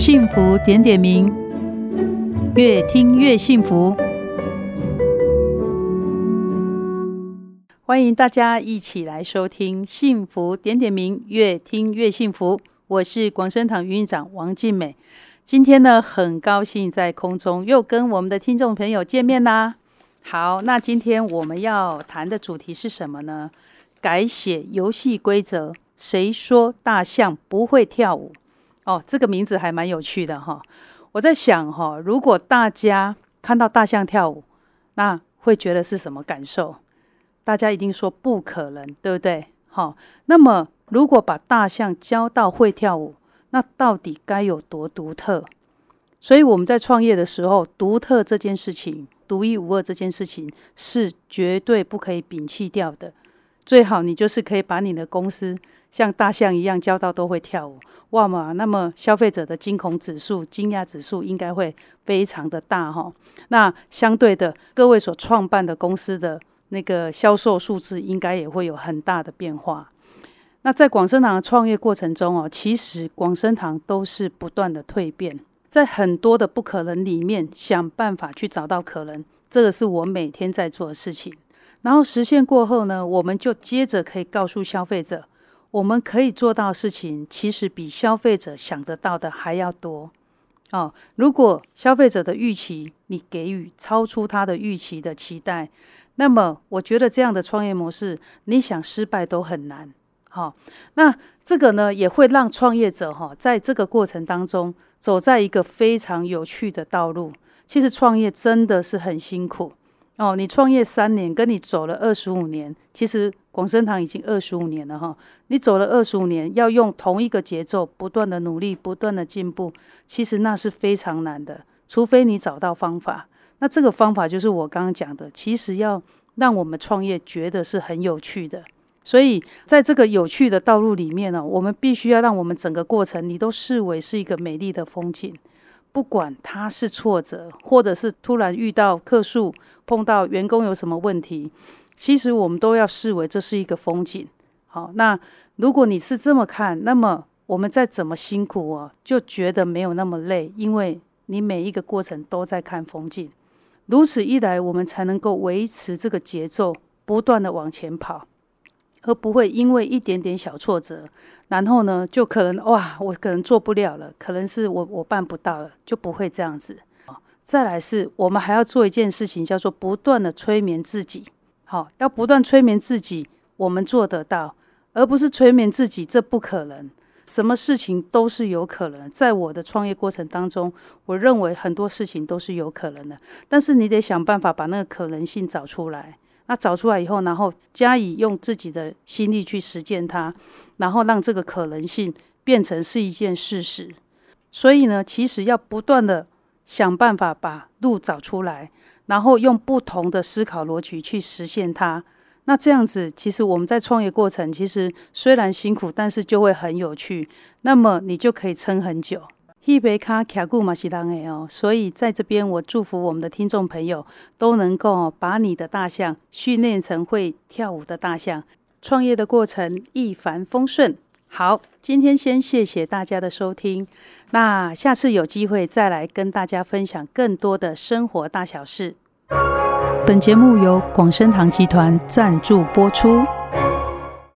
幸福點點名，越聽越幸福。歡迎大家一起來收聽《幸福點點名》，越聽越幸福。我是廣生堂營運長王靜美。今天呢，很高興在空中又跟我們的聽眾朋友見面啦。好，那今天我們要談的主題是什麼呢？改寫遊戲規則，誰說大象不會跳舞？哦，這個名字還蠻有趣的哈、哦。我在想哈、哦，如果大家看到大象跳舞，那會覺得是什麼感受？大家一定說不可能，對不對？好、哦，那麼如果把大象教到會跳舞，那到底該有多獨特？所以我們在創業的時候，獨特這件事情，獨一無二這件事情，是絕對不可以摒棄掉的。最好你就是可以把你的公司像大象一樣教到都會跳舞，哇嘛，那麼消費者的驚恐指數、驚訝指數應該會非常的大哈。那相對的，各位所創辦的公司的那個銷售數字應該也會有很大的變化。那在廣生堂的創業過程中哦，其實廣生堂都是不斷的蛻變，在很多的不可能裡面想辦法去找到可能，這個是我每天在做的事情。然後實現過後呢，我們就接着可以告訴消費者，我們可以做到的事情，其實比消費者想得到的還要多哦。如果消費者的預期你給予超出他的預期的期待，那麼我覺得這樣的創業模式，你想失敗都很難。好、哦，那這個呢也會讓創業者哈、哦，在這個過程當中走在一個非常有趣的道路。其實創業真的是很辛苦。哦，你創業三年，跟你走了二十五年，其實廣生堂已經二十五年了哈。你走了二十五年，要用同一個節奏，不斷的努力，不斷的進步，其實那是非常難的，除非你找到方法。那這個方法就是我剛剛講的，其實要讓我們創業覺得是很有趣的。所以在這個有趣的道路裡面呢，我們必須要讓我們整個過程，你都視為是一個美麗的風景。不管他是挫折，或者是突然遇到客訴，碰到員工有什麼問題，其實我們都要視為這是一個風景。好，那如果你是這麼看，那麼我們再怎麼辛苦哦、啊，就覺得沒有那麼累，因為你每一個過程都在看風景。如此一來，我們才能夠維持這個節奏，不斷的往前跑。而不會因為一點點小挫折，然後呢，就可能哇，我可能做不了了，可能是我我辦不到了，就不會這樣子。哦，再來是我們還要做一件事情，叫做不斷的催眠自己。好，哦，要不斷催眠自己，我們做得到，而不是催眠自己，這不可能。什麼事情都是有可能。在我的創業過程當中，我認為很多事情都是有可能的，但是你得想辦法把那個可能性找出來。那找出來以後，然後加以用自己的心力去實踐它，然後讓這個可能性變成是一件事實。所以呢，其實要不斷的想辦法把路找出來，然後用不同的思考邏輯去實現它。那這樣子，其實我們在創業過程，其實雖然辛苦，但是就會很有趣。那麼你就可以撐很久。嘛是當哦，所以在這邊我祝福我們的聽眾朋友都能夠把你的大象訓練成會跳舞的大象，創業的過程一帆風順。好，今天先謝謝大家的收聽，那下次有機會再來跟大家分享更多的生活大小事。本節目由廣生堂集團贊助播出。